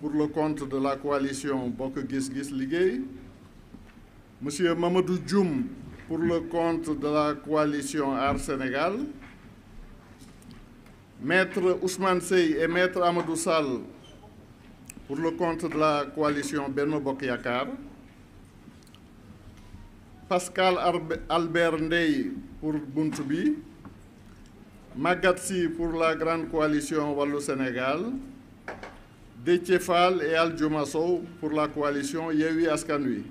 pour le compte de la coalition Bok Gis Monsieur Mamadou Djoum pour le compte de la coalition Art Sénégal, Maître Ousmane Sey et Maître Amadou Sal pour le compte de la coalition Beno Bok Yakar, Pascal Albert pour Buntubi, Magatsi pour la grande coalition Wallo Sénégal, Détiefal et Al Diomasso pour la coalition Yehui Askanui.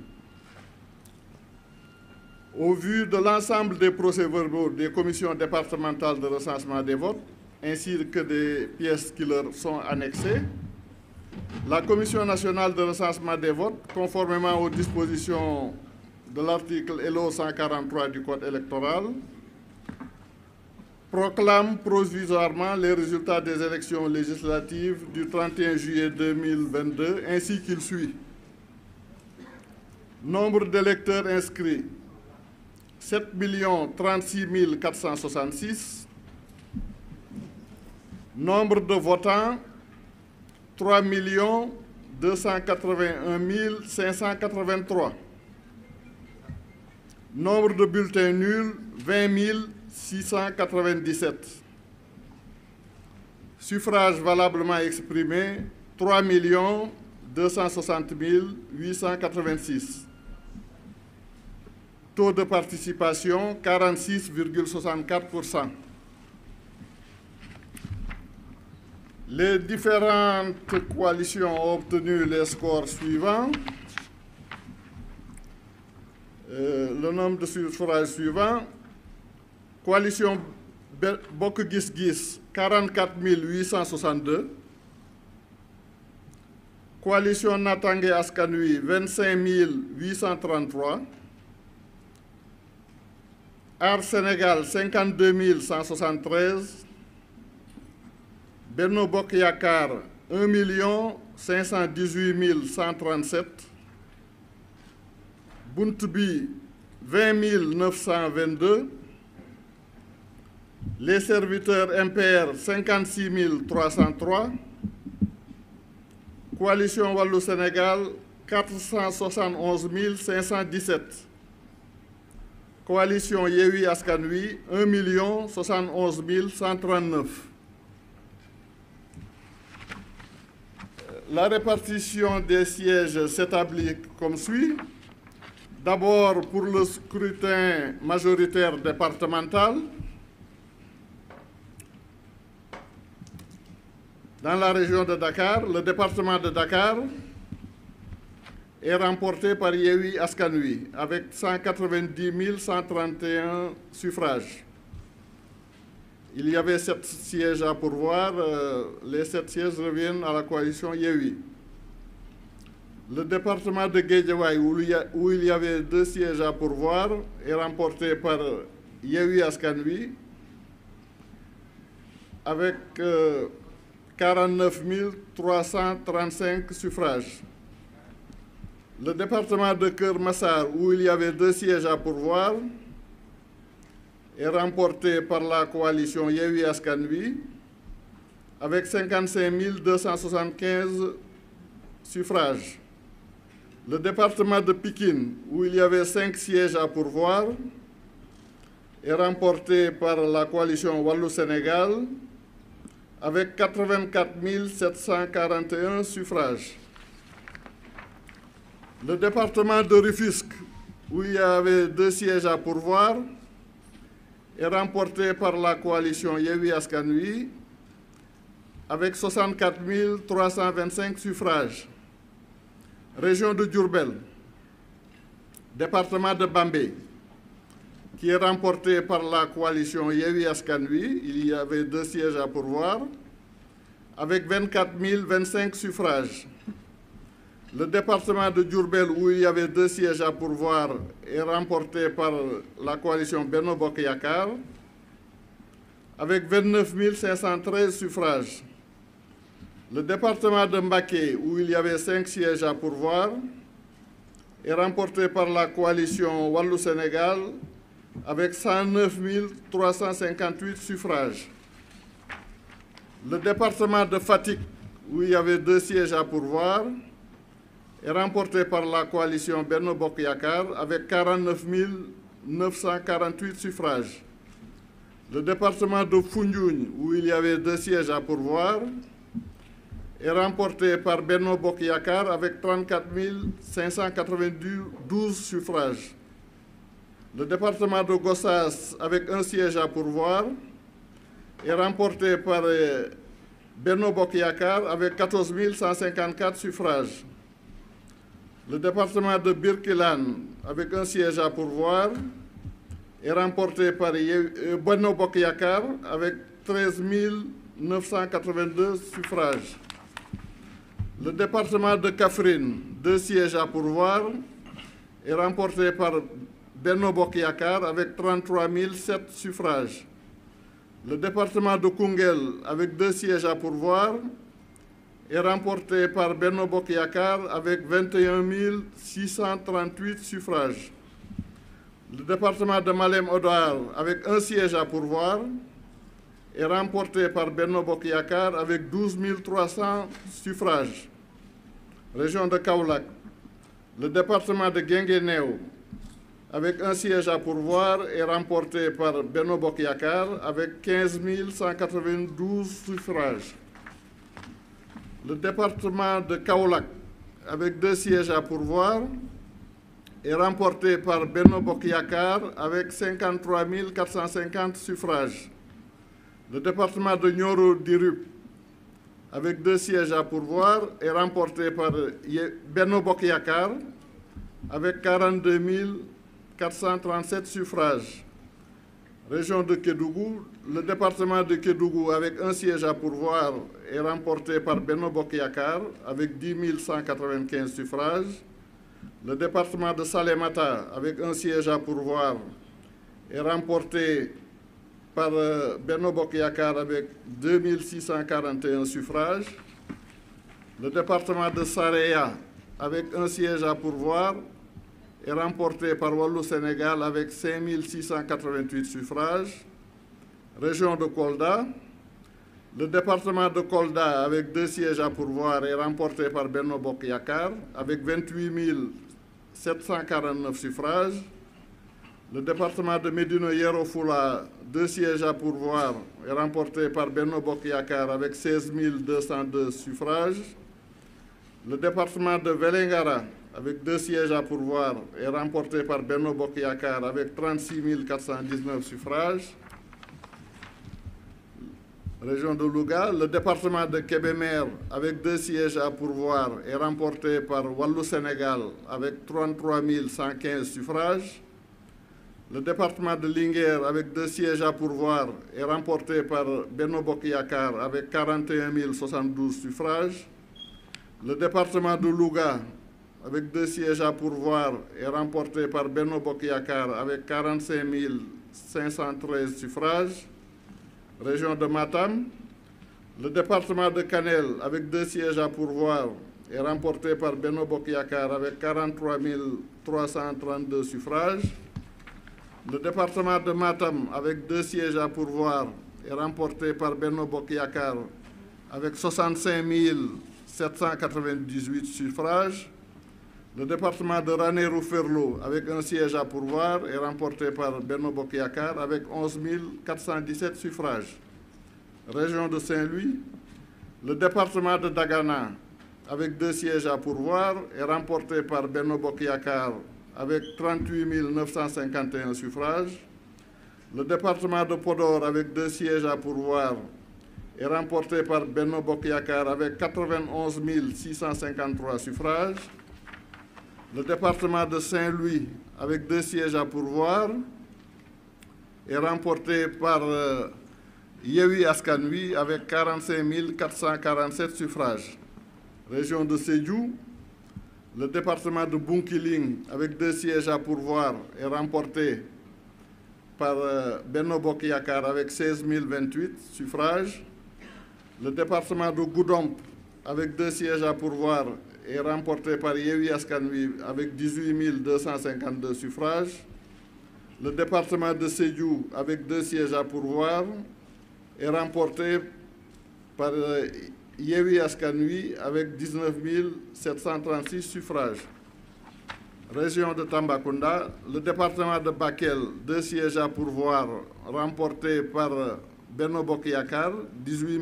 Au vu de l'ensemble des procès-verbaux des commissions départementales de recensement des votes, ainsi que des pièces qui leur sont annexées, la Commission nationale de recensement des votes, conformément aux dispositions de l'article LO 143 du Code électoral, proclame provisoirement les résultats des élections législatives du 31 juillet 2022 ainsi qu'il suit. Nombre d'électeurs inscrits 7 466. Nombre de votants 3 281 583. Nombre de bulletins nuls 20 000. 697. Suffrage valablement exprimé, 3 260 886. Taux de participation, 46,64%. Les différentes coalitions ont obtenu les scores suivants. Euh, le nombre de suffrages suivants, coalition bokugis Gis 44 862 coalition Natangué Askanui 25 833 Art Sénégal 52 173 Benno Bok 1 518 137 Bountbi 20 922 les serviteurs MPR 56 303, Coalition Wallou-Sénégal 471 517, Coalition Yewi Askanui 1 71 139. La répartition des sièges s'établit comme suit. D'abord pour le scrutin majoritaire départemental, dans la région de Dakar, le département de Dakar est remporté par Yehui Askanui avec 190 131 suffrages. Il y avait sept sièges à pourvoir. Euh, les sept sièges reviennent à la coalition Yehui. Le département de Guédiawaï, où il y avait deux sièges à pourvoir, est remporté par Yehui Askanui avec euh, 49 335 suffrages. Le département de Kermassar, où il y avait deux sièges à pourvoir, est remporté par la coalition Yewi Askanvi avec 55 275 suffrages. Le département de Pékin, où il y avait cinq sièges à pourvoir, est remporté par la coalition Wallou-Sénégal avec 84 741 suffrages. Le département de Rufusque, où il y avait deux sièges à pourvoir, est remporté par la coalition Yewi Askanui avec 64 325 suffrages. Région de Djourbel, département de Bambé, qui est remporté par la coalition Yewi Askanui, il y avait deux sièges à pourvoir, avec 24 025 suffrages. Le département de Djourbel, où il y avait deux sièges à pourvoir, est remporté par la coalition Benobok Yakar, avec 29 513 suffrages. Le département de Mbaké, où il y avait cinq sièges à pourvoir, est remporté par la coalition Wallou-Sénégal avec 109 358 suffrages. Le département de Fatik, où il y avait deux sièges à pourvoir, est remporté par la coalition Berno Bokyakar avec 49 948 suffrages. Le département de Foundioun, où il y avait deux sièges à pourvoir, est remporté par Berno Bokyakar avec 34 592 suffrages. Le département de Gossas, avec un siège à pourvoir, est remporté par euh, Beno Bokyakar avec 14 154 suffrages. Le département de Birkilan, avec un siège à pourvoir, est remporté par euh, Beno Bokyakar avec 13 982 suffrages. Le département de Kafrine, deux sièges à pourvoir, est remporté par Berno Bokyakar avec 33 suffrages. Le département de Kungel, avec deux sièges à pourvoir, est remporté par Berno Bokyakar avec 21 638 suffrages. Le département de Malem odoar avec un siège à pourvoir, est remporté par Berno Bokyakar avec 12 300 suffrages. Région de Kaulak, le département de Gengeneo avec un siège à pourvoir est remporté par Beno Bokyakar avec 15 192 suffrages. Le département de Kaolak, avec deux sièges à pourvoir, est remporté par Beno Bokyakar avec 53 450 suffrages. Le département de Nyoro Dirup, avec deux sièges à pourvoir, est remporté par Beno Bokyakar avec 42 000 437 suffrages. Région de Kédougou, le département de Kédougou avec un siège à pourvoir est remporté par Benno Bokyakar avec 10 195 suffrages. Le département de Salemata avec un siège à pourvoir est remporté par euh, Beno Bokyakar avec 2641 suffrages. Le département de Sareya avec un siège à pourvoir est remporté par Wallou Sénégal avec 5688 suffrages. Région de Kolda, le département de Kolda avec deux sièges à pourvoir est remporté par Benno Bok Yakar avec 28 749 suffrages. Le département de medino Yerofoula, deux sièges à pourvoir, est remporté par Benno Bok Yakar avec 16 202 suffrages. Le département de Velengara avec deux sièges à pourvoir et remporté par Bernard Bokyakar avec 36 419 suffrages. Région de Louga, le département de Kébémer avec deux sièges à pourvoir est remporté par Wallou Sénégal avec 33 115 suffrages. Le département de Linguer avec deux sièges à pourvoir est remporté par Benoît Bokyakar avec 41 072 suffrages. Le département de Louga avec deux sièges à pourvoir, est remporté par Beno Bokyakar avec 45 513 suffrages. Région de Matam, le département de Canel, avec deux sièges à pourvoir, est remporté par Beno Bokyakar avec 43 332 suffrages. Le département de Matam, avec deux sièges à pourvoir, est remporté par Beno Bokyakar avec 65 798 suffrages. Le département de rané ferlo avec un siège à pourvoir, est remporté par Beno Bokyakar avec 11 417 suffrages. Région de Saint-Louis, le département de Dagana, avec deux sièges à pourvoir, est remporté par Beno Bokyakar avec 38 951 suffrages. Le département de Podor, avec deux sièges à pourvoir, est remporté par Beno Bokyakar avec 91 653 suffrages le département de Saint-Louis, avec deux sièges à pourvoir, est remporté par euh, Yewi Askanui avec 45 447 suffrages. Région de Sédiou, le département de Bunkiling, avec deux sièges à pourvoir, est remporté par Beno euh, Benno avec 16 028 suffrages. Le département de Goudomp, avec deux sièges à pourvoir, est remporté par Yewi Askanwi avec 18 252 suffrages. Le département de Sédiou, avec deux sièges à pourvoir, est remporté par euh, Yewi Askanui avec 19 736 suffrages. Région de Tambacounda, le département de Bakel, deux sièges à pourvoir, remporté par Beno Bokyakar, 18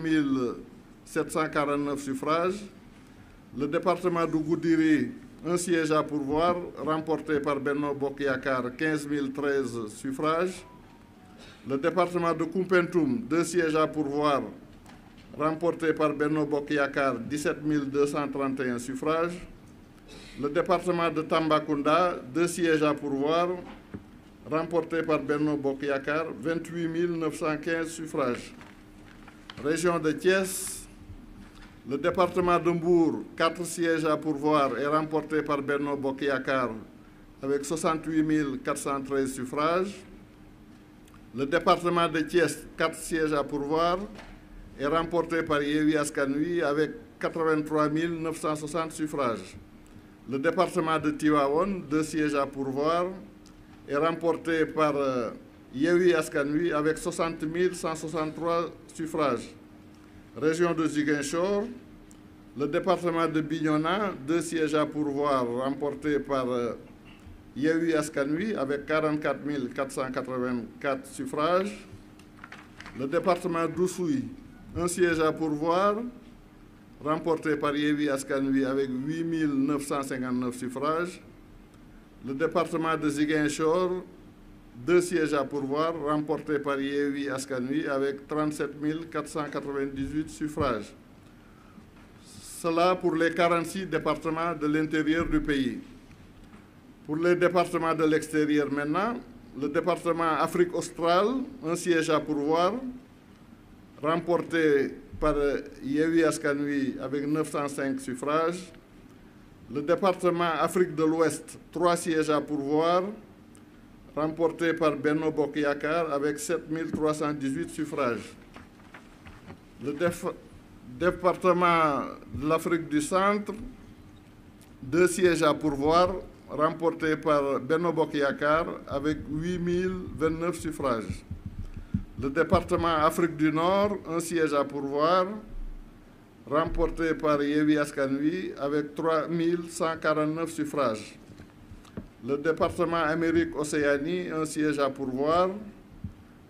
749 suffrages le département d'Ougoudiri, un siège à pourvoir, remporté par Benno Bokyakar, 15 013 suffrages. Le département de Kumpentum, deux sièges à pourvoir, remporté par Benno Bokyakar, 17 231 suffrages. Le département de Tambacounda, deux sièges à pourvoir, remporté par Benno Bokyakar, 28 915 suffrages. Région de Thiès, le département de quatre 4 sièges à pourvoir, est remporté par Bernard Bocchiacar avec 68 413 suffrages. Le département de Thiès, 4 sièges à pourvoir, est remporté par Yewi Askanui avec 83 960 suffrages. Le département de Tiwaon, 2 sièges à pourvoir, est remporté par euh, Yewi Askanui avec 60 163 suffrages région de Ziguinchor, le département de Bignona, deux sièges à pourvoir remportés par euh, Askanui avec 44 484 suffrages. Le département d'Oussoui, un siège à pourvoir remporté par Yevi Askanui avec 8 959 suffrages. Le département de Ziguinchor, deux sièges à pourvoir remportés par Yehui Askanui avec 37 498 suffrages. Cela pour les 46 départements de l'intérieur du pays. Pour les départements de l'extérieur maintenant, le département Afrique australe, un siège à pourvoir, remporté par Yehui Askanui avec 905 suffrages. Le département Afrique de l'Ouest, trois sièges à pourvoir, remporté par Benno Bokyakar avec 7318 suffrages. Le département de l'Afrique du Centre, deux sièges à pourvoir, remporté par Benno Bokyakar avec 8029 suffrages. Le département Afrique du Nord, un siège à pourvoir, remporté par Yevi Askanwi avec 3149 suffrages. Le département Amérique-Océanie, un siège à pourvoir,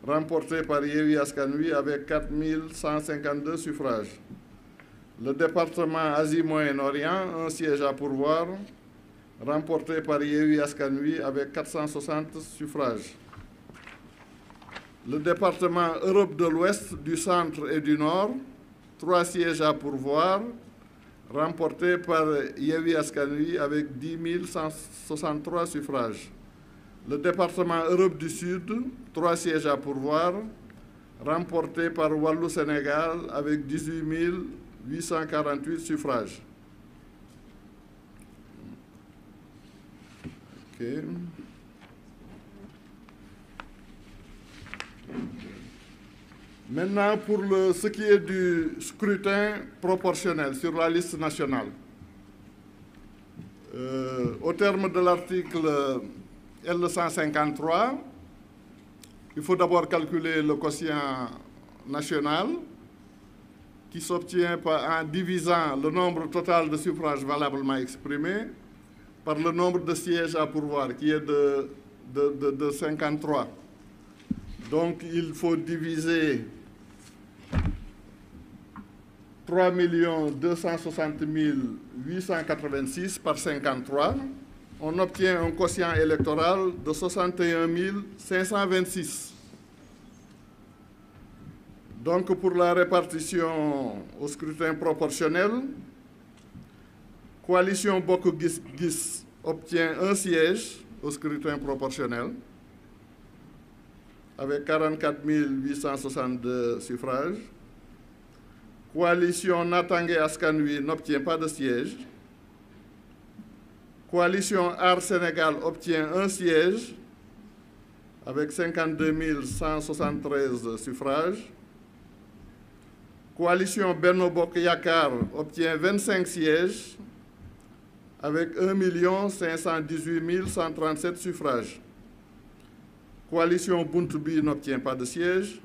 remporté par Yewi Askanui avec 4152 suffrages. Le département Asie-Moyen-Orient, un siège à pourvoir, remporté par Yewi Askanui avec 460 suffrages. Le département Europe de l'Ouest, du Centre et du Nord, trois sièges à pourvoir, remporté par Yevi Askanui avec 10 163 suffrages. Le département Europe du Sud, trois sièges à pourvoir, remporté par Wallou Sénégal avec 18 848 suffrages. Maintenant, pour ce qui est du scrutin proportionnel sur la liste nationale, euh, au terme de l'article L153, il faut d'abord calculer le quotient national qui s'obtient en divisant le nombre total de suffrages valablement exprimés par le nombre de sièges à pourvoir, qui est de 53. Donc il faut diviser 3 260 886 par 53, on obtient un quotient électoral de 61 526. Donc pour la répartition au scrutin proportionnel, coalition Boko Gis obtient un siège au scrutin proportionnel avec 44 862 suffrages. Coalition Natangé Askanui n'obtient pas de siège. Coalition Art Sénégal obtient un siège avec 52 173 suffrages. Coalition Bernobok Yakar obtient 25 sièges avec 1 518 137 suffrages. Coalition Buntubi n'obtient pas de siège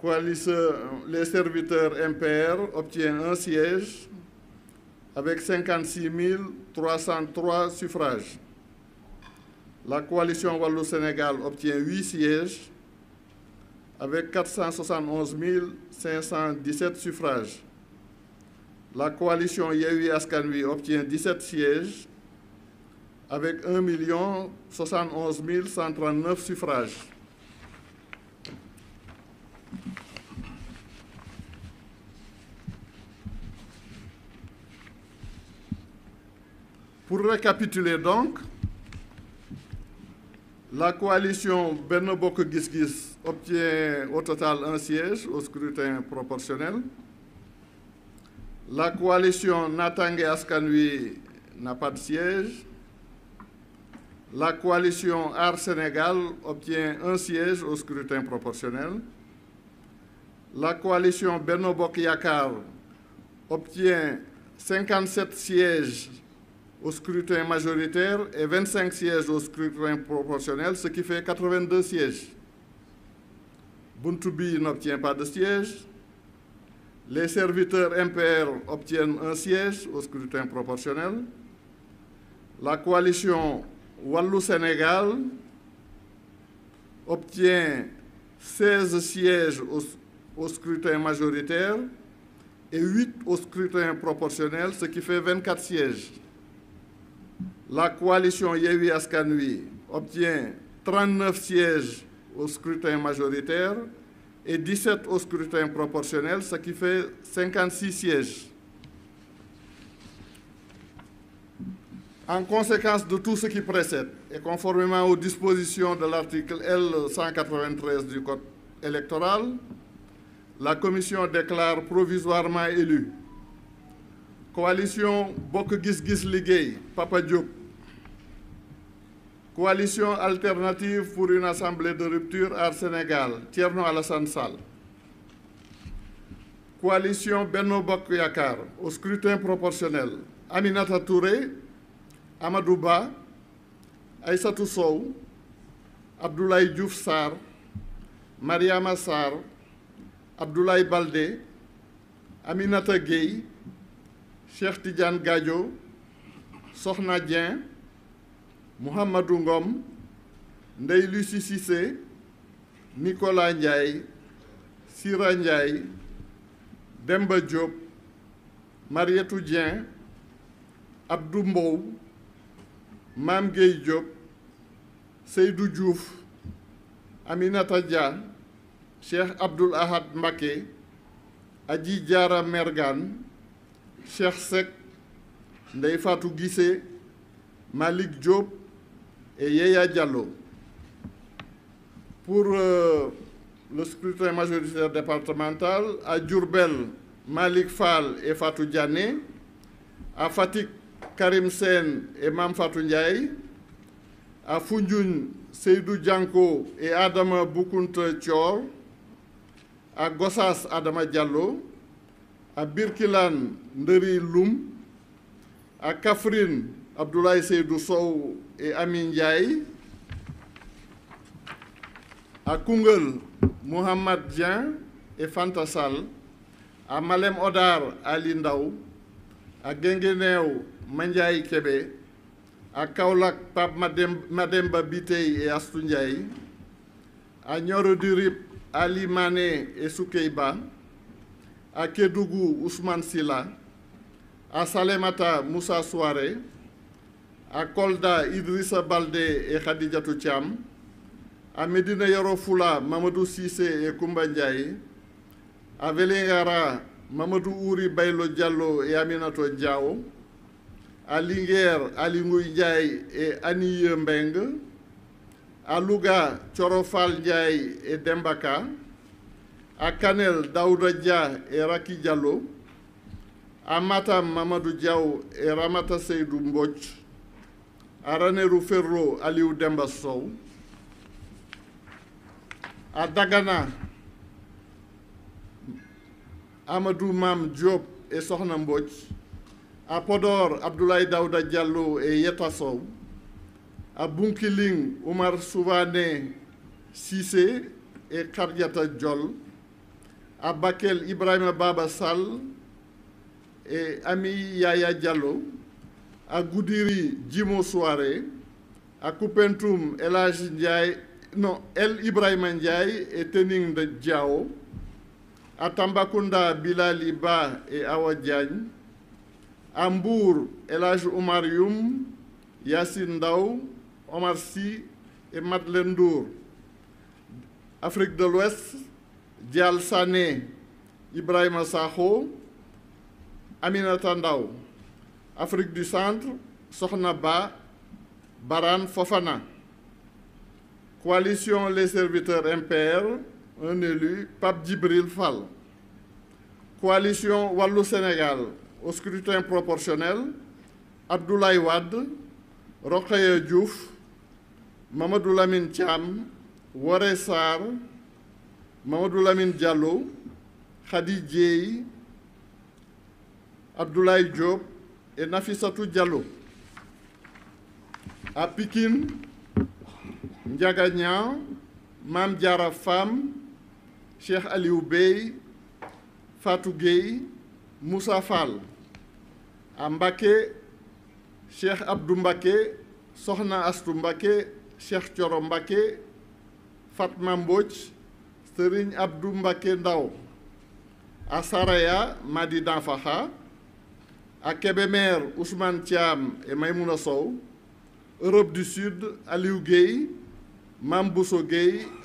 coalition Les Serviteurs MPR obtient un siège avec 56 303 suffrages. La coalition Wallou-Sénégal obtient 8 sièges avec 471 517 suffrages. La coalition Yewi Askanui obtient 17 sièges avec 1 71 139 suffrages. Pour récapituler donc, la coalition Bernobok Gisgis obtient au total un siège au scrutin proportionnel. La coalition Natangé Askanui n'a pas de siège. La coalition Art Sénégal obtient un siège au scrutin proportionnel. La coalition Bernobok Yakar obtient 57 sièges au scrutin majoritaire et 25 sièges au scrutin proportionnel, ce qui fait 82 sièges. Buntubi n'obtient pas de sièges. Les serviteurs MPR obtiennent un siège au scrutin proportionnel. La coalition Wallou-Sénégal obtient 16 sièges au, scrutin majoritaire et 8 au scrutin proportionnel, ce qui fait 24 sièges. La coalition Yewi Askanui obtient 39 sièges au scrutin majoritaire et 17 au scrutin proportionnel, ce qui fait 56 sièges. En conséquence de tout ce qui précède et conformément aux dispositions de l'article L193 du Code électoral, la Commission déclare provisoirement élue coalition bokugis Gis Papa Coalition alternative pour une assemblée de rupture à Sénégal, Tierno Alassane Sall. Coalition Benno Bok au scrutin proportionnel, Aminata Touré, Amadouba, Aïssatou Sow, Abdoulaye Diouf Sar, Mariama Sar, Abdoulaye Baldé, Aminata Gueye, Cheikh Tidiane Gadio, Sohna Muhammadu Ngom Ndey Lucy Cissé Nicolas Ndiaye Sira Ndiaye Demba Diop Mariette Dieng Abdou Mbow Mam Gueye Diop Seydou Diouf Aminata Dia Cheikh Abdul Ahad Mbake, Adji Diara Mergane Cheikh Sek, Ndey Fatou Gissé, Malik Diop et Yaya Diallo. Pour euh, le scrutin majoritaire départemental, à Djurbel, Malik Fall et Fatou Diané, à Fatik, Karim Sen et Mam Fatou Ndiaye, à Foujoun Seydou Djanko et Adama Boukounte Tchor, à Gossas Adama Diallo, à Birkilan Nderi Loum, à Kafrine Abdoulaye Seydou Sow et Amin Ndiaye. À Kungel, Mohamed Dien et Fantasal. À Malem Odar, Ali Ndaw. À Gengeneo, Mandiaye Kebe. À Kaulak, Pab Mademba Bitey et Astou Ndiaye. À Nyoro Durip, Ali Mané et Soukeiba. À Kedougou, Ousmane Silla. À Salemata, Moussa à Kolda, Idrissa balde et Khadija Toutiam, à Medina yorofula Mamadou Sissé et Koumba Ndiaye, à Velengara, Mamadou Ouri Baylo Diallo et Aminato Diao, à Linguère, Alingou Ndiaye et Annie Mbeng, à Louga, Chorofal Ndiaye et Dembaka, à Kanel, Daouda Dia et Raki Diallo, à Matam, Mamadou Diao et Ramata Seydou Mboch, à Ranérou Ferro Aliou Demba soow à Dagana Amadou Mam Diop et Sokhna Mbodj à Podor Abdoulaye Daouda Diallo et Yeta Sow à Bunkiling Oumar Souvané Cissé et Kardiata Diol à Bakel Ibrahima Baba Sall et Ami Yaya à Goudiri Djimo Soare, à Koupentoum Elaj Ndiaye, non, El Ibrahim Ndiaye et Tening de Djao, à Tambakunda Bilal et Awa à Mbour Yassine Daou, Omar Sy et Madeleine Dour. Afrique de l'Ouest, Dial Sane, Ibrahim Saho, Aminata Afrique du Centre Sokhna Ba Baran Fofana coalition les serviteurs MPR un élu Pape Djibril Fall coalition Wallou Sénégal au scrutin proportionnel Abdoulaye Wad, Rokhaye Diouf Mamadou Lamine Thiam Waré Sar, Mamadou Lamine Diallo Khadi Abdoulaye Diop et Nafissatou Diallo. À Pikine, Ndiagagna, Mam Diara Fam, Cheikh Aliou Bey, Fatou Gueye, Moussa Fall. À Mbacké, Cheikh Abdou Mbacké, Sokhna Astou Mbacké, Cheikh Thioro Mbacké, Fatma Mbodj, Serigne Abdou Mbacké Ndao. À Saraya, Madi Danfaha. À Kébémer, Ousmane Thiam et Maïmouna Sow. Europe du Sud, Aliou Gueye, Mambousso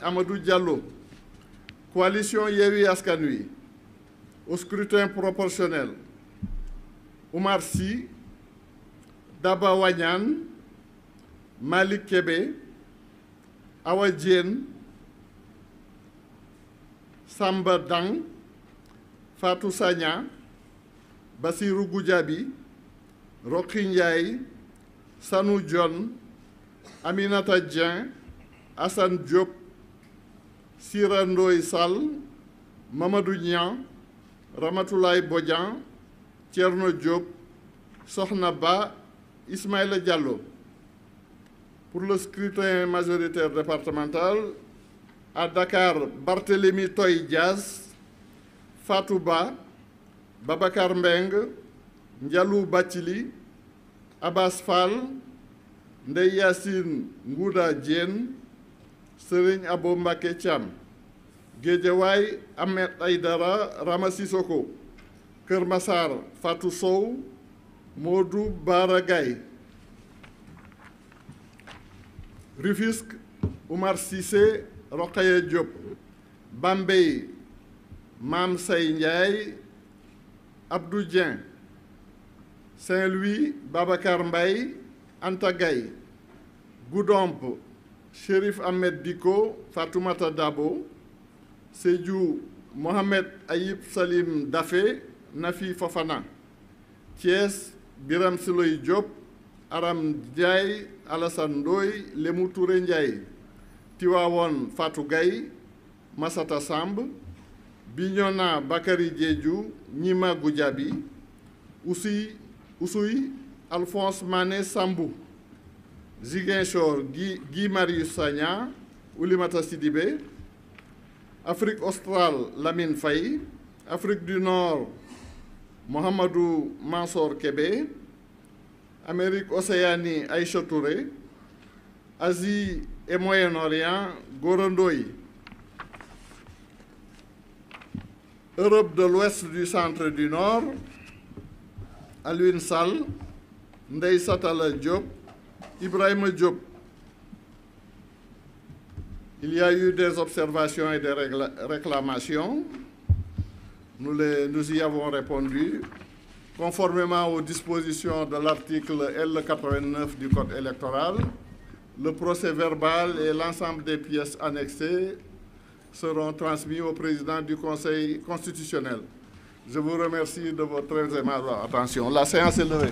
Amadou Diallo. Coalition Yewi Askanui. Au scrutin proportionnel, Oumar Sy, Daba Wanyan, Malik Kébé, Awa Samba Dang, Fatou Sanya, Basiru Gujabi, Rochin Ndiaye Sanou John, Aminata Dieng Assane Diop Sirando Isal, Mamadou Nyan, Ramatoulaye Bodian Thierno Diop Sohna Ba Ismaïla Diallo pour le scrutin majoritaire départemental à Dakar Barthélémy Toye Fatouba. Fatou Babacar Mbengue Ndialou Bathily Abass Fall Ndeye Yacine Ngouda Diène Serigne Abo Mbacké Thiam Guédiawaye Ahmed Aïdara Rama Sissoko Kër Massar Fatou Sow Modou Bara Gaye Rufisque Oumar Cissé Rokhaya Diop Bambey Mame Saye Ndiaye Abdou Dieng Saint-Louis Babacar Mbaye Anta Gaye Goudomp Chérif Ahmed Diko Fatoumata Dabo Sédhiou Mohamed Ayib Salim Dafé Nafi Fofana Thiès Biram Siloy Diop Aram Ndiaye Alassane Ndoye Lémou Touré Ndiaye Tivaouane Fatou Gaye Massata Samb Bignona Bakari Diédiou Nima Goudjabi Oussoui Alphonse Mané Sambou Ziguinchor Guy, Guy Marius Sagna Oulimata Sidibé Afrique australe Lamine Faye Afrique du Nord Mohamedou Mansour Kebe, Amérique Océanie Aïcha Asie et Moyen-Orient Gorondoy Europe de l'Ouest, du Centre du Nord, Aluin Sall, Ndei Satala Diop, Ibrahim Diop. Il y a eu des observations et des réclamations. Nous, les, nous y avons répondu conformément aux dispositions de l'article L89 du Code électoral. Le procès verbal et l'ensemble des pièces annexées seront transmis au président du Conseil constitutionnel. Je vous remercie de votre très aimable attention. La séance est levée.